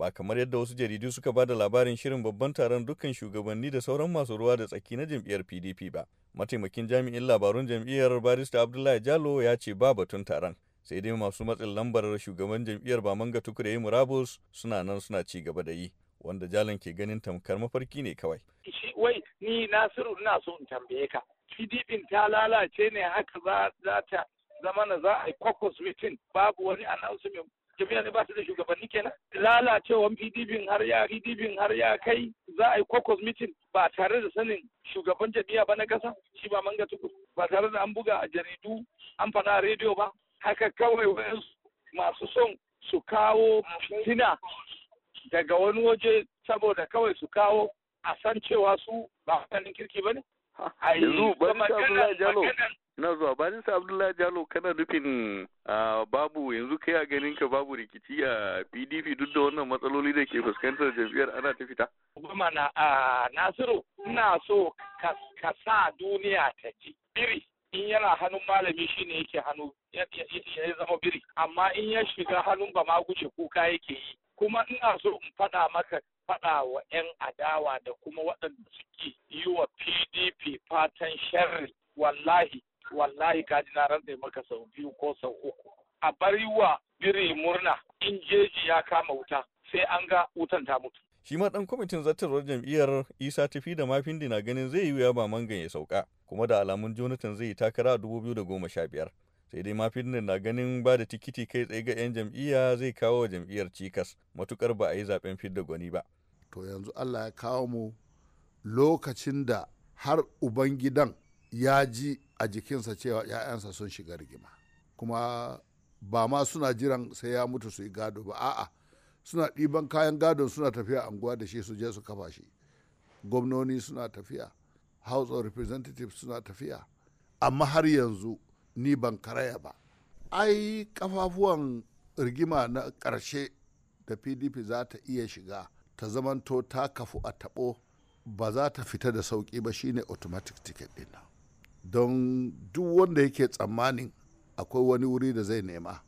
ba kamar yadda wasu jaridu suka ba da labarin shirin babban taron dukkan shugabanni da sauran masu ruwa da tsaki na jam'iyyar pdp ba mataimakin jami'in labarun jam'iyyar barista abdullahi jalo ya ce ba batun taron sai dai masu matsin lambar shugaban jam'iyyar bamanga tukure murabus suna nan suna ci gaba da yi wanda jalan ke ganin tamkar mafarki ne kawai wai ni nasiru ina so in tambaye ka pdp ta lalace ne haka za ta zama na za a yi caucus meeting babu wani announcement jami'a ne ba su da shugabanni kenan lalacewan pdp har ya pdp har ya kai za a yi kokos mitin ba tare da sanin shugaban jami'a ba na ƙasa shi ba manga tukur ba tare da an buga a jaridu an fana a rediyo ba haka kawai wayansu masu son su kawo fitina daga wani waje saboda kawai su kawo a san cewa su ba mutanen kirki ba ne. a yi na zuwa bayan sa abdullahi jalo kana nufin babu yanzu kai a ganin ka babu rikici a pdp duk da wannan matsaloli da ke fuskantar jam'iyyar ana ta fita goma na nasiru ina so ka sa duniya ta ji biri in yana hannun malami ne yake hannu ya zama biri amma in ya shiga hannun ba ma kuka yake yi kuma ina so in faɗa maka faɗa wa 'yan adawa da kuma waɗanda suke yi wa pdp fatan sharri wallahi wallahi ka ji na rantse maka sau biyu ko sau uku a bari wa biri murna in jeji ya kama wuta sai an ga wutan ta mutu shi ma dan kwamitin zartarwar jam'iyyar isa tafi da mafindi na ganin zai yi wuya ba mangan ya sauka kuma da alamun jonathan zai yi takara a 2015 sai dai mafindin na ganin ba da tikiti kai tsaye ga 'yan jam'iyya zai kawo wa jam'iyyar cikas matukar ba a yi zaben fidda gwani ba to yanzu allah ya kawo mu lokacin da har ubangidan ya ji a jikinsa cewa 'ya'yansa sun shiga rigima kuma ba ma suna jiran sai ya mutu su yi gado ba a'a suna ɗiban kayan gadon suna tafiya unguwa da shi su je su kafa shi gwamnoni suna tafiya house of representatives suna tafiya amma har yanzu ni ban karaya ba ai kafafuwan rigima na ƙarshe da pdp za ta iya shiga ta zamanto ta kafu a taɓo ba za ta fita da sauƙi ba shine automatic ticket ɗin don duk wanda yake tsammanin akwai wani wuri da zai nema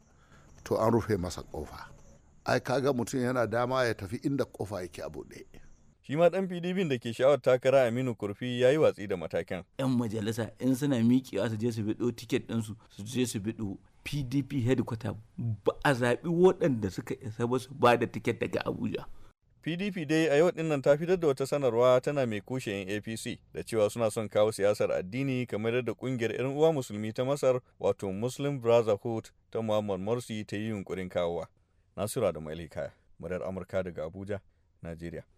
to an rufe masa kofa ai kaga mutum yana dama ya tafi inda kofa yake a buɗe shi ma dan pdp da ke sha'awar takara aminu kurfi ya yi watsi da matakan yan majalisa in suna miƙewa su je su biɗo tiket ɗinsu su je su biɗo pdp headquarter ba a zaɓi waɗanda suka isa ba su ba da tiket daga abuja PDP dai a yau dinnan ta fitar da wata sanarwa tana mai kushe 'yan APC da cewa suna son kawo siyasar addini kamar yadda kungiyar 'yan uwa musulmi ta Masar wato Muslim Brotherhood ta Muhammad Morsi ta yi yunkurin kawowa. Nasiru da Maili Kaya, murar Amurka daga Abuja, Najeriya.